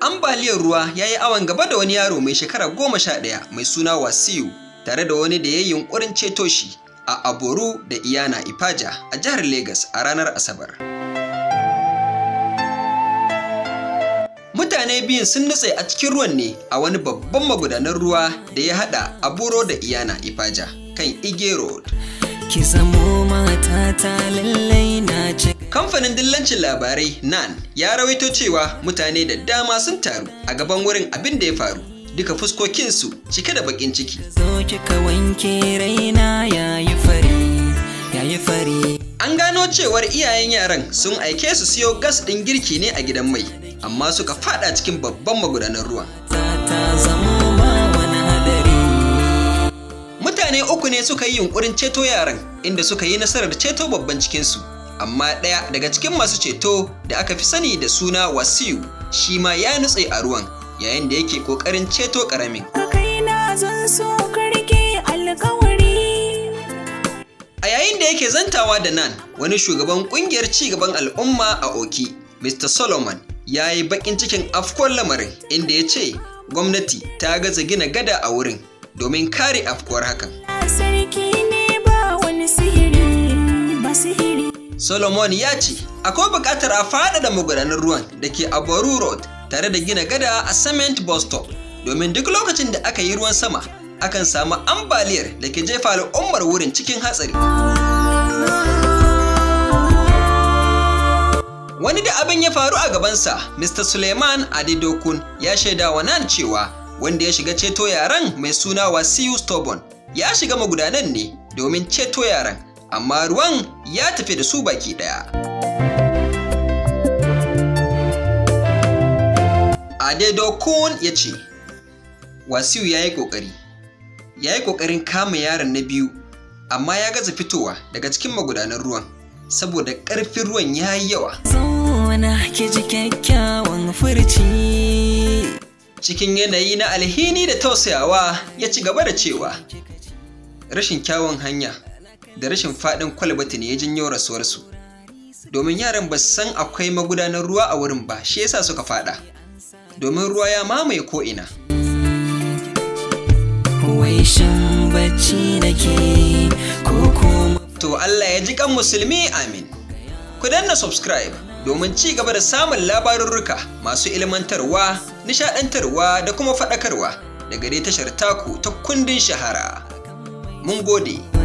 ambaliyar ruwa ya yi awon gaba da wani yaro mai shekara goma sha ɗaya mai suna wasiyu tare da wani da ya yi yunkurin ceto shi a aboru da iyana Ifaja a jihar Legas a ranar asabar mutane biyun sun nutse a cikin ruwan ne a wani babban magudanar ruwa da ya haɗa aburo da iyana Ifaja kan igero road ki zamo ta lallai na ce kamfanin dillancin labarai nan ya rawaito cewa mutane da dama sun taru a gaban wurin abin da ya faru duka fuskokinsu cike da bakin ciki zo wanke raina an gano cewar iyayen yaran sun aike su siyo gas ɗin girki ne a gidan mai amma suka fada cikin babban magudanar ruwa zata zama mutane uku ne suka yi yunkurin ceto yaran inda suka yi nasarar ceto babban cikinsu amma ɗaya daga cikin masu ceto da aka fi sani da suna wasiu shi ma ya nutse a ruwan yayin da yake ƙoƙarin ceto ƙaramin a yayin da yake zantawa da nan wani shugaban ƙungiyar gaban al'umma a oki mr solomon ya yi baƙin cikin afkuwar lamarin inda ya ce gwamnati ta gaza gina gada a wurin domin kare afkuwar hakan. Solomon ya ce, akwai bukatar a faɗaɗa magudanar ruwan da ke a Boru Road tare da gina gada a Cement Bus Stop domin duk lokacin da aka yi ruwan sama akan samu ambaliyar da ke jefa al'ummar wurin cikin hatsari. Wani da abin ya faru a gabansa, Mr. Suleiman Adedokun ya shaida wa nan cewa wanda ya shiga ceto yaran mai suna Wasiu Stubborn ya shiga magudanan ne domin ceto yaran amma ruwan ya tafi da su baki daya. Adedokun ya ce, Wasiu ya yi ƙoƙari, ya yi ƙoƙarin kama yaron na biyu, amma ya gaza fitowa daga cikin magudanar ruwan, saboda ƙarfin ruwan ya yi yawa. ji kyakkyawan cikin yanayi na alhini da tausayawa ya ci gaba da cewa rashin kyawun hanya da rashin faɗin kwalbati ne ya janyo rasuwarsu domin yaran ba san akwai magudanar ruwa a wurin ba shi yasa suka faɗa domin ruwa ya mamaye ko'ina to Allah ya ji kan musulmi amin ku danna subscribe domin ci gaba da samun labarurruka masu ilmantarwa nishaɗantarwa da kuma faɗakarwa daga dai tashar taku ta kundin shahara. Mun gode.